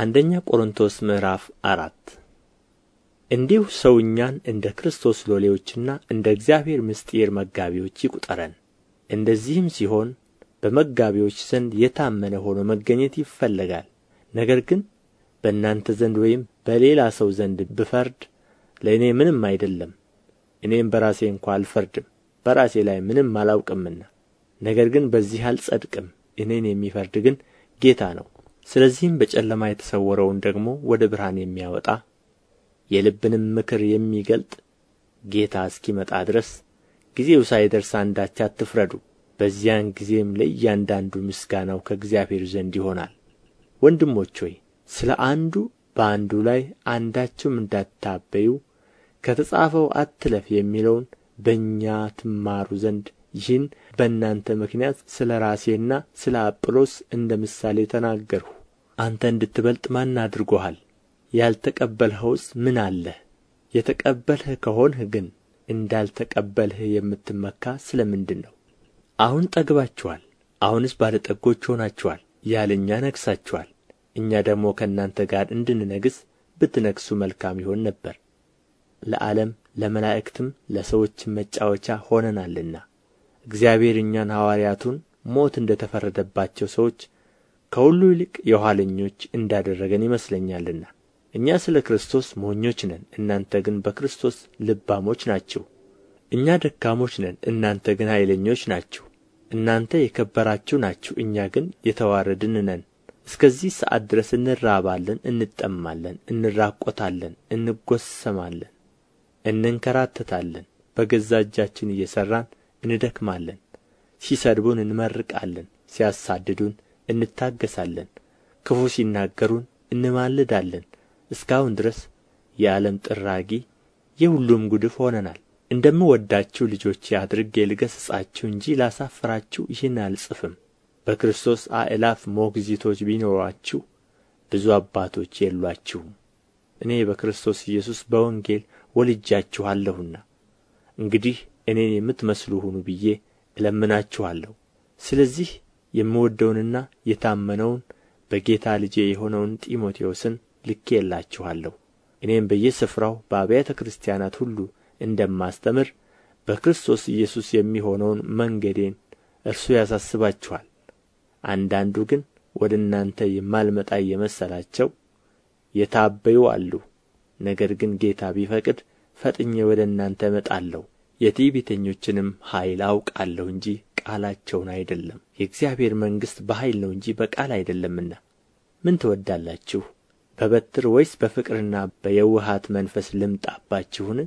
አንደኛ ቆሮንቶስ ምዕራፍ አራት እንዲሁ ሰው እኛን እንደ ክርስቶስ ሎሌዎችና እንደ እግዚአብሔር ምስጢር መጋቢዎች ይቁጠረን። እንደዚህም ሲሆን በመጋቢዎች ዘንድ የታመነ ሆኖ መገኘት ይፈለጋል። ነገር ግን በእናንተ ዘንድ ወይም በሌላ ሰው ዘንድ ብፈርድ ለእኔ ምንም አይደለም፣ እኔም በራሴ እንኳ አልፈርድም፣ በራሴ ላይ ምንም አላውቅምና። ነገር ግን በዚህ አልጸድቅም፣ እኔን የሚፈርድ ግን ጌታ ነው። ስለዚህም በጨለማ የተሰወረውን ደግሞ ወደ ብርሃን የሚያወጣ የልብንም ምክር የሚገልጥ ጌታ እስኪመጣ ድረስ ጊዜው ሳይደርስ አንዳች አትፍረዱ። በዚያን ጊዜም ለእያንዳንዱ ምስጋናው ከእግዚአብሔር ዘንድ ይሆናል። ወንድሞች ሆይ ስለ አንዱ በአንዱ ላይ አንዳችም እንዳታበዩ ከተጻፈው አትለፍ የሚለውን በእኛ ትማሩ ዘንድ ይህን በእናንተ ምክንያት ስለ ራሴና ስለ አጵሎስ እንደ ምሳሌ ተናገርሁ። አንተ እንድትበልጥ ማን አድርጎሃል ያልተቀበልኸውስ ምን አለህ የተቀበልህ ከሆንህ ግን እንዳልተቀበልህ የምትመካ ስለ ምንድን ነው አሁን ጠግባችኋል አሁንስ ባለ ጠጎች ሆናችኋል ያለ እኛ እኛ ደግሞ ከእናንተ ጋር እንድንነግስ ብትነግሱ መልካም ይሆን ነበር ለዓለም ለመላእክትም ለሰዎችም መጫወቻ ሆነናልና እግዚአብሔር እኛን ሐዋርያቱን ሞት እንደ ተፈረደባቸው ሰዎች ከሁሉ ይልቅ የኋለኞች እንዳደረገን ይመስለኛልና እኛ ስለ ክርስቶስ ሞኞች ነን እናንተ ግን በክርስቶስ ልባሞች ናችሁ እኛ ደካሞች ነን እናንተ ግን ኃይለኞች ናችሁ እናንተ የከበራችሁ ናችሁ እኛ ግን የተዋረድን ነን እስከዚህ ሰዓት ድረስ እንራባለን እንጠማለን እንራቆታለን እንጎሰማለን እንንከራተታለን በገዛ እጃችን እየሠራን እንደክማለን ሲሰድቡን እንመርቃለን ሲያሳድዱን እንታገሣለን ክፉ ሲናገሩን እንማልዳለን እስካሁን ድረስ የዓለም ጥራጊ የሁሉም ጉድፍ ሆነናል እንደምወዳችሁ ልጆቼ አድርጌ ልገሥጻችሁ እንጂ ላሳፍራችሁ ይህን አልጽፍም በክርስቶስ አእላፍ ሞግዚቶች ቢኖሯችሁ ብዙ አባቶች የሏችሁም እኔ በክርስቶስ ኢየሱስ በወንጌል ወልጃችኋለሁና እንግዲህ እኔን የምትመስሉ ሁኑ ብዬ እለምናችኋለሁ ስለዚህ የምወደውንና የታመነውን በጌታ ልጄ የሆነውን ጢሞቴዎስን ልኬላችኋለሁ እኔም በየስፍራው በአብያተ ክርስቲያናት ሁሉ እንደማስተምር በክርስቶስ ኢየሱስ የሚሆነውን መንገዴን እርሱ ያሳስባችኋል አንዳንዱ ግን ወደ እናንተ የማልመጣ እየመሰላቸው የታበዩ አሉ ነገር ግን ጌታ ቢፈቅድ ፈጥኜ ወደ እናንተ እመጣለሁ የትዕቢተኞችንም ኃይል አውቃለሁ እንጂ ቃላቸውን አይደለም የእግዚአብሔር መንግሥት በኃይል ነው እንጂ በቃል አይደለምና ምን ትወዳላችሁ በበትር ወይስ በፍቅርና በየውሃት መንፈስ ልምጣባችሁን